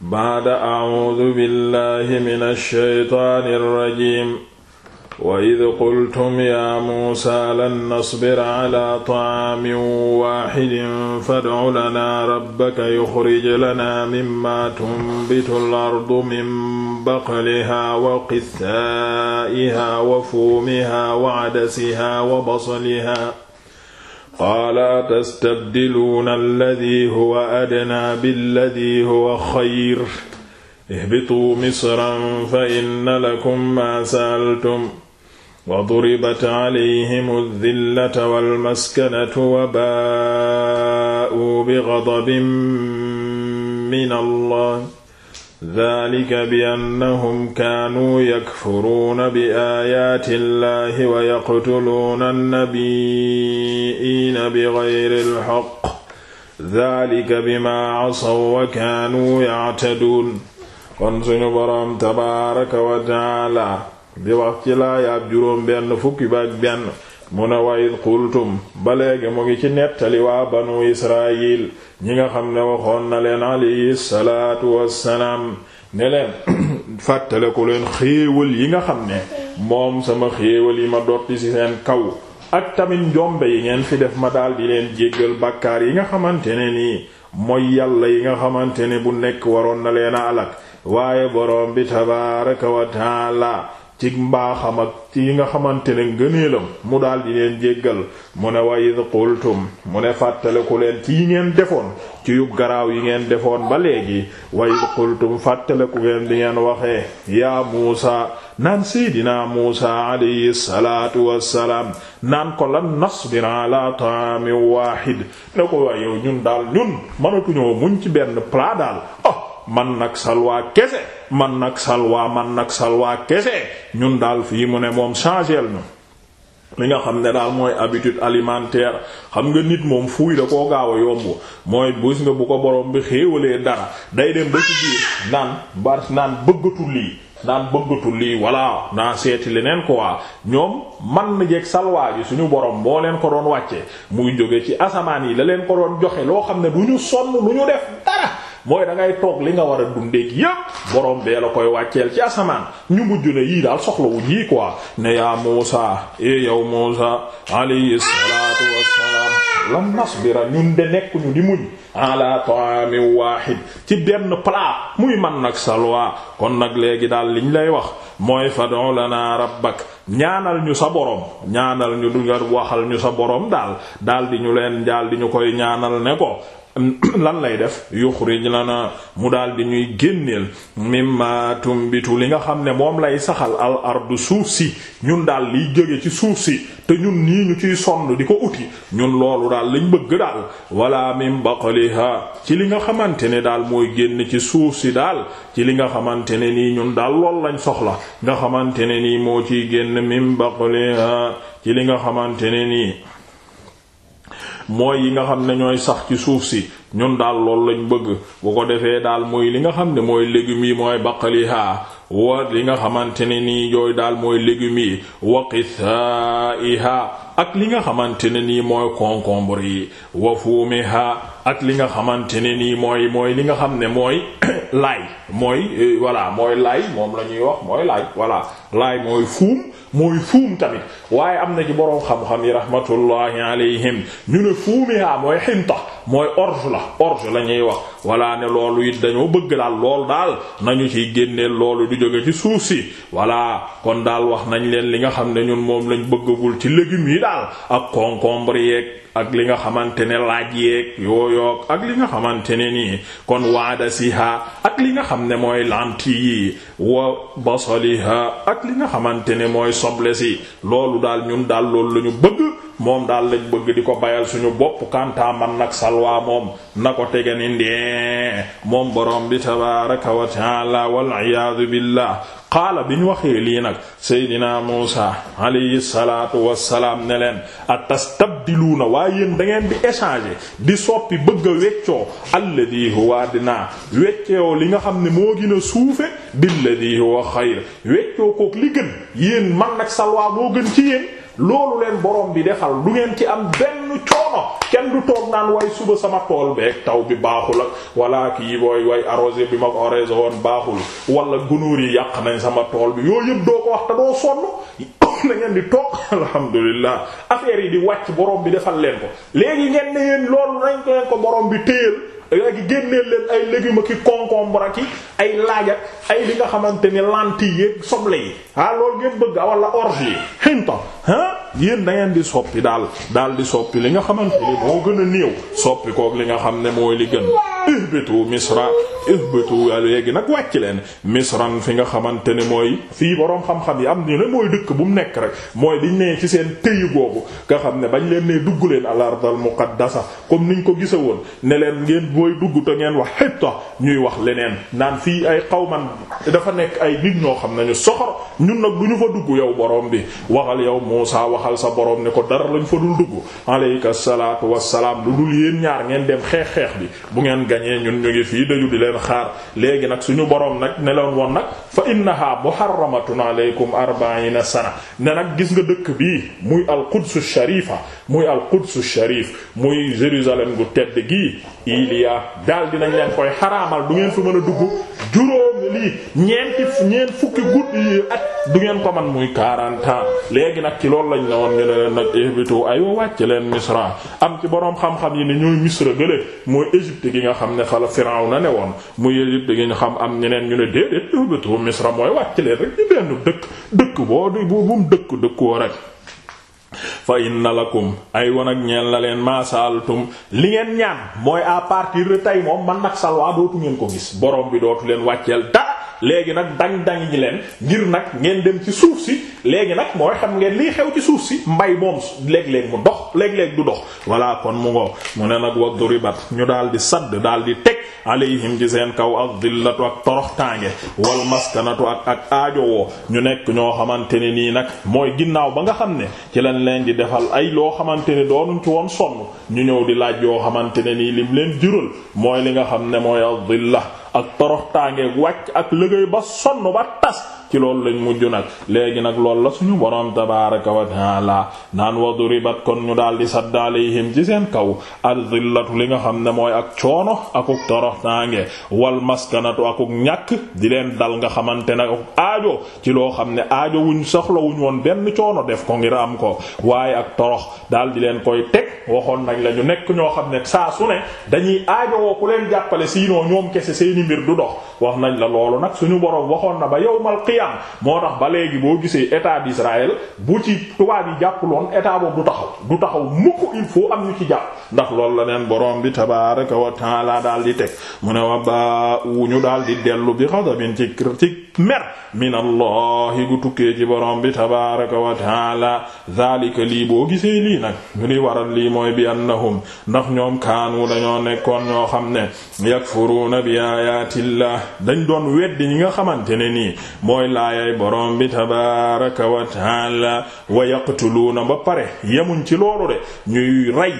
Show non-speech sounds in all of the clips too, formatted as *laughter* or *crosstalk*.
baada acuudu billahi min alsheytaani alrajim wa id qultum ya muusa lan nasbir cala tacaamin waaxidin fadcu lana rabbaka yuxrij lana mima tunbitu alardu min baqliha wa qithaa'iha wa fuumiha wa cadasiha wa basaliha qaala tastabdiluuna alladi huwa adnaa billadi huwa xayr ihbituu misran fa inna lakum maa saaltum wa duribat calayhim addillata walmaskanatu wa baa'uu bigadabin min allah dalika bi annahum kaanuu yakfuruuna bi aayaati allahi wa yaqtuluuna annabiyiina bi gayri alxaq dalika bimaa casaw wa kaanuu yactaduun kon suñu boroom tabaaraka wa taala di wax ci laayaab juróom benn fukki baak benn mu ne wa id qultum ba léegi mu ngi ci nettali waa banu israil ñi nga xam ne waxoon na leen alayhi salaatu wassalaam ne leen *clears throat* fàttale ko leen xéewal yi nga xam ne moom sama xéewal yi ma dotti ci seen kaw ak tamit njombe yi ngeen fi def ma daal di leen jéggal bàkkaar yi nga xamante ne nii mooy yàlla yi nga xamante ne bu nekk waroon na leen a alak waaye boroom bi tabaaraka wa taala ci mbaaxam ak ci yi nga xamante ne ngëneelam mu daal di leen jéggal mu ne wa id qultum mu ne fàttaleku leen ci yi ngeen defoon ci yu garaaw yi ngeen defoon ba léegi wa id fàttale ku ngeen di ngeen waxee yaa muusa naan seydinaa muusa alayhi salaatu naan ko la lan nasbir ala taamin waahid ne ko waayow ñun daal ñun mënatuñoo muñ ci benn plat daal oh, man nag salwaa kese man nag salwaa man nag salwaa kese ñun daal fii mu ne moom changel ñu li nga xam ne daal mooy habitude alimentaire xam nga nit moom fuuy da koo gaaw a yomb mooy bés nga bu ko borom bi xéewalee dara day dem ba ci biir naan bar naan bëggatul lii naan bëggatul lii walla naa seeti leneen quoi ñoom man na jeeg salwaa ji suñu borom moo leen ko doon wàcce muy jóge ci asamaan yi la leen ko doon joxe loo xam ne bu ñu sonn du mooy dangay toog li nga war a dundeek yépp borom bee la koy wàcceel ci asamaan ñu mujj ne yii daal soxlawuñ yi quoi ne yaa Muusa e yow Muusa alayhi salaatu wassalaam lan nasbira ñun de nekkuñu di muñ ala ta'amin wahid ci benn plat muy man nag salwa kon nag léegi daal liñ lay wax mooy fad'u lana rabbak ñaanal ñu sa borom ñaanal ñu du nga waxal ñu sa borom daal daal di ñu leen daal di ñu koy ñaanal ne ko *clears throat* lan lay def yuxrij lana mu daal di ñuy génneel mimma tumbitu li nga xam ne moom lay saxal al ardu suuf si ñun daal liy jóge ci suuf si te ñun nii ñu ciy sonn di ko uti ñun loolu daal liñ bëgg daal wala min baqliha ci li nga xamante ne daal mooy génn ci suuf si daal ci li nga xamante ne nii ñun daal lool lañ soxla nga xamante ne nii moo ciy génn min baqliha ci li nga xamante ne nii mooy yi nga xam ne ñooy sax ci suuf si ñun daal loolu lañ bëgg bu ko defee daal mooy li nga xam ne mooy légumes yi mooy baqaliha wa li nga xamante ne nii yooyu daal mooy légumes yi wa qithaiha ak li nga xamante ne nii mooy concombre yi wa fumiha ak li nga xamante ne nii mooy mooy li nga xam ne mooy *coughs* laay mooy euh, voilà mooy laay moom la ñuy wax mooy laay voilà laay mooy fuum mooy fuum tamit waaye am na ci boroom xam-xam yi rahmatullahi alayhim ñu ne fuumiha mooy xinta mooy orge la orge la ñuy wax walla ne loolu it dañoo bëgg daal lool daal nañu ciy génneel loolu du jóge ci suuf si walla kon daal wax nañ leen li nga xam ne ñun moom lañ bëggagul ci légumes yi daal ak concombre yeeg ak li nga xamante ne laaj yeeg yooyoog ak li nga xamante ne nii kon waada siha ak li nga xam ne mooy lentille yi wa basaliha ak li nga xamante ne mooy soble si loolu daal ñun daal loolu la ñu bëgg moom daal lañ bëgg di ko bayal suñu bopp kantaa man nag salwaa moom na ko tege ni ndee moom borom bi tabaraka wa taala wal iyaadu billah qaala bi ñu waxee lii nag seydina Muusa alayhi salaatu wassalaam ne leen atastabdiluuna waa yéen da ngeen di échanger di soppi bëgga a weccoo alladi huwa adna weccoo li nga xam ne moo gën a suufe billadi huwa xayr weccoo kook li gën yéen man nag salwaa moo gën ci yéen loolu leen borom bi defal du ngeen ci am benn coono kenn du toog naan way suba sama tool beeg taw bi baaxul ak wala kii booy way arrosé bi ma ko arrosé woon baaxul wala gunóor yi yàq nañ sama tool bi yooyu yëpp doo ko wax te doo *coughs* na ngeen di toog alhamdulilah affaire yi di wàcc borom bi defal leen ko léegi ngeen ne yéen loolu nañ ko leen ko borom bi téyel léegi génneel leen ay légumes ki concombre ak ay laaj ak ay li nga xamante ni lentilles yeeg soble yi ah loolu ngeen bëgg wala orge yi hinton yéen da ngeen di soppi daal daal di soppi li nga xamante ni boo gën a néew soppi koog li nga xam ne mooy li gën ihbitu misra ihbitu léegi nag wàcc leen misran fi nga xamante ne mooy fii boroom xam-xam yi am ñu ne mooy dëkk bu mu nekk rek mooy diñ nee ci seen téyu boobu nga xam ne bañ leen ne dugg leen al ardal muqaddasa comme niñ ko gisa woon ne leen ngeen booy dugg te ngeen wax xitta ñuy wax leneen naan fii ay xawman dafa nekk ay nit ñoo xam ne ñu ñun nag du ñu fa dugg yow borom bi waxal yow Muusaa waxal sa boroom ne ko dara lañ fa dul dugg aleyka salaatu salaam lu dul yéen ñaar ngeen dem xeex xeex bi bu ngeen gañee ñun ñu ngi fii daju di leen xaar léegi nag suñu boroom nag ne woon nag fa innaha muharramatun aleykum arbaina sana ne nag gis nga dëkk bii muy alqudsu sharifa muy alqudsu sharif muy Jérusalem gu tedd gii iliya daal dinañ leen koy xaraamal du ngeen fi mën a dugg juróomi lii ñeenti ñeent fukki guddi yi at du ngeen ko man muy 40 ci loolu lañ ne woon ñu ne leen nag ihbitu aywa wàcc leen misra am ci boroom xam-xam yi ni ñooy misra gële mooy Égypte gi nga xam ne xala Firawna ne woon muy Égypte gi ñu xam am ñeneen ñu ne déedéet ihbitu misra mooy wàcc leen rek ñu benn dëkk dëkk boo du bu mu dëkk dëkkoo rek fa inna lakum ay wan ak ñeen la leen maasaaltum li ngeen ñaan mooy à partir de tey moom man nag salwaa dootu ngeen ko gis borom bi dootu leen wàcceel dara léegi nag dañ dañ ji leen ngir nag ngeen dem ci suuf si léegi nag mooy xam ngeen lii xew ci suuf si mbay moom léeg-léeg mu dox léeg du dox voilà kon mu ngoo mu ne nag wa duribat ñu daal di sadd daal di teg alayhim di seen kaw ak dillatu ak toroxtaange wal maskanatu ak ak aajowoo ñu nekk ñoo xamante ne nii nag mooy ginnaaw ba nga xam ne ci lañ leen di defal ay loo xamante ne doonuñ ci woon sonn ñu ñëw di laaj yoo xamante ne nii lim leen jural mooy li nga xam ne mooy ak dilla ak toroxtaangeeg wàcc ak liggéey ba sonn ba tas ci loolu lañ mujj nag léegi nag loolu la suñu boroom tabaaraka wa taala naan wa duribat kon ñu daal di sadd alayhim ci seen kaw al-zillatu li nga xam ne mooy ak coono akuk toroxtaange wal maskanatu akuk ñàkk di leen dal nga xamante ne ak aajo ci loo xam ne aajo wuñ soxla wuñ woon benn coono def ko ngir am ko waaye ak torox daal di leen koy teg waxoon nag la ñu nekk ñoo xam ne saa su ne dañuy aajo woo ku leen jàppale sinon ñoom kese seeni mbir du dox wax nañ la loolu nag suñu boroom waxoon na ba yawmal qiyam moo tax ba léegi boo gisee état d'Israël bu ci tubaab yi jàppuloon état boobu du taxaw du taxaw mukk il faut am ñu ci jàpp ndax loolu la boroom bi tabaaraka wa taala daal di teg mu ne wa baa wuñu daal di dellu bi xadabin ci ci mer min allahi gu tukkee ci boroom bi tabaaraka wa taala zalika lii boo gisee lii nag ñu li waral lii mooy bi annahum ndax ñoom kaanu dañoo nekkoon ñoo xam ne yakfuruuna bi ayatillah dañ doon weddi ñi nga xamante ne nii mooy laayay borom bi tabaraka wa taala wa yaqtuluuna ba pare yemuñ ci loolu de ñuy rey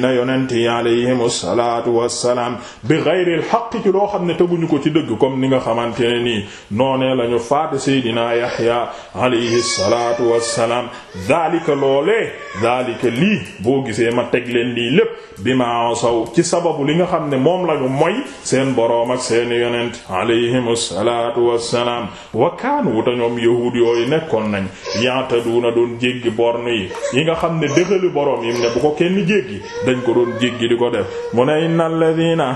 na yonent yi alayhim salaatu wassalaam bi ghayril haqq ci loo xam ne teguñu ko ci dëgg comme ni nga xamante ne nii noonee lañu faat seydina Yahya alayhi salaatu wassalaam daalika loolee daalika lii boo gisee ma teg leen lii lépp bi ma saw ci sababu li nga xam ne moom lañu moy seen boroom ak seeni yonent alayhimu wassalaam wa kaanu te ñoom yahuud yi nekkoon nañ yaataduuna doon jéggi borne yi yi nga xam ne dëxali borom yi ne bu ko kenn jéggi dañ ko doon jéggi di ko def mu ne innal ladina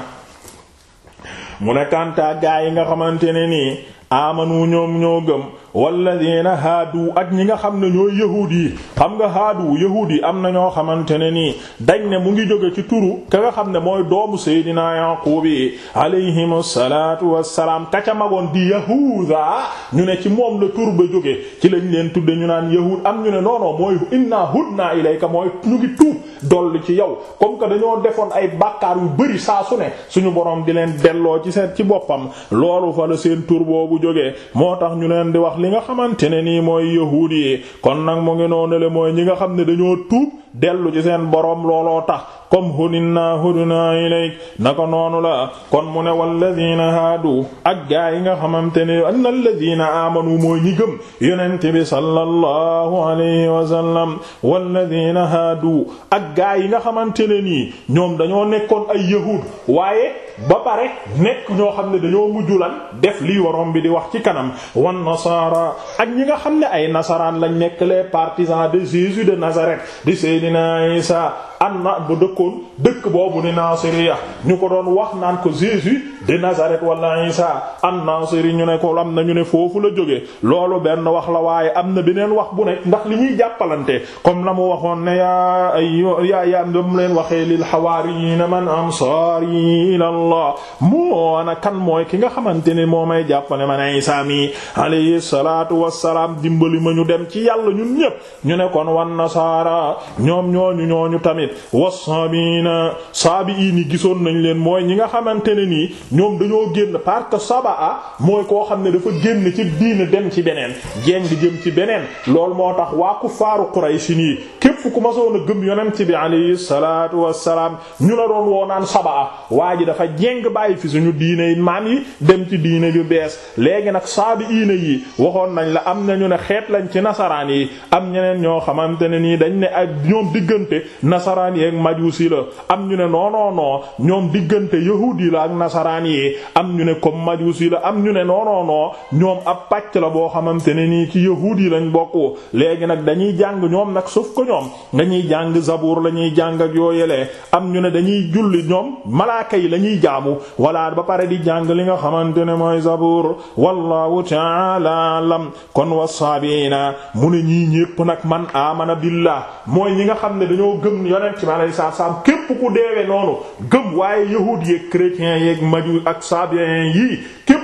mu ne kàntaa gaa yi nga xamante ne nii amanu ñoom ñoo gëm walladina haadu ak ñi nga xam ne ñooy yahuud yi xam nga haadu yahuud yi am na ñoo xamante ne nii dañ ne mu ngi jóge ci turu ka nga xam ne mooy doomu Seydina Yaaqub yi alayhim salaatu wassalaam ka ca magoon di yahuuda ñu ne ci moom la tur ba jóge ci lañ leen tudde ñu naan yahuud am ñu ne noonon mooy inna hudna ilayka mooy ñu ngi tuub dolli ci yow comme que dañoo defoon ay bàkkaar yu bari saa su ne suñu boroom di leen delloo ci seen ci boppam loolu fa la seen tur boobu jógee moo tax ñu leen di wax ñi nga xamante ne nii mooy yahuud yi kon nag mu ngi noonu le mooy ñi nga xam ne dañoo tuub dellu ci seen boroom looloo tax comme hudinaa hudinaa ilayk naka noonu la kon mu ne walladina haadu ak gaa yi nga xamante ne anna alladina aamanu mooy ñi gëm yonent bi sallallahu alayhi wa sallam walladina haadu ak gaa yi nga xamante ne nii ñoom dañoo nekkoon ay yahuud waaye ba pare nekk ñoo xam ne dañoo mujj lan def lii waroom bi di wax ci kanam wan nasara ak ñi nga xam ne ay nasaraan lañ nekk les partisans de Jésus de Nazareth di Seydina Isa na bu dëkkoon dëkk boobu ni Nasiriya ñu ko doon wax naan ko Jésus de Nazareth wala Isa an Nasiri ñu ne ko am na ñu ne foofu la jóge loolu benn wax la waaye am na beneen wax bu nekk ndax li ñuy jàppalante comme na mu waxoon ne yaa ay yaa yaa mu leen waxee lil hawaariyiina man ansaari allah moo ana kan mooy ki nga xamante ne moo may jàppale man Isaa mi alayhi salaatu wassalaam dimbali ma ñu dem ci yàlla ñun ñépp ñu nekkoon kon wan nasaara ñoom ñooñu ñooñu tamit wasaabina saabiini gisoon nañ leen mooy ñi nga xamante ne nii ñoom dañoo génn parce que sabaa mooy koo xam ne dafa génn ci diina dem ci beneen jéng jëm ci beneen loolu moo tax waa kuffaaru Quraysh nii képp ku ma soon a gëm yonent bi alayhi salaatu wassalaam ñu la doon woonaan sabaa waa ji dafa jéng bàyyi fi suñu diine maam yi dem ci diine yu bees léegi nag saabi iina yi waxoon nañ la am nañu ne xeet lañ ci nasaraan yi am ñeneen ñoo xamante ne nii dañ ne ak ñoom diggante nasaraan yi ak majuusi la am ñu ne non ñoom diggante yahuud yi la ak nasaraan yi am ñu ne comme majuusi la am ñu ne non ñoom ab pàcc la boo xamante ne nii ci yahuud yi lañ bokk léegi nag dañuy jàng ñoom nag sauf ko ñoom dañuy jàng zabuur la ñuy jàng ak yooyelee am ñu ne dañuy julli ñoom malaaka yi lañuy jaamu walla ba pare di jàng li nga xamante ne mooy zabuur wallahu ta'ala alam kon wasaabiina mu ne ñii ñépp nag man amana billah mooy ñi nga xam ne dañoo gëm yonent mi alayhi salaam képp ku deewe noonu gëm waaye yahuud yeek chrétien yeek maju ak sabiyen yi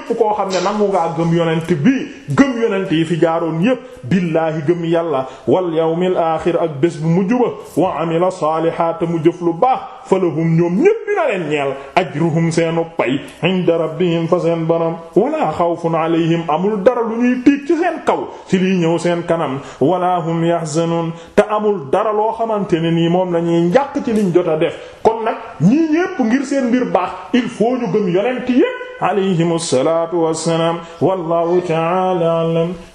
képp koo xam ne nangu ngaa gëm yonent bi gëm yonent yi fi jaaroon yépp billaahi gëm yàlla wal yawmil aaxir ak bés bu mujj ba wa amila saalihaata mu jëf lu baax falahum ñoom ñépp dina leen ñeel ajruhum seenu pay inda rabbihim fa seen borom wala xawfun alayhim amul dara lu ñuy seen kaw si liy ñëw seen kanam wala hum yahzanun te amul dara loo xamante ne nii moom lañuy njàq ci liñ jot a def kon nag ñii ñépp ngir seen mbir baax il faut ñu gëm yonent yépp alayhimu salaatu wassalaam wallahu ta'ala a'lam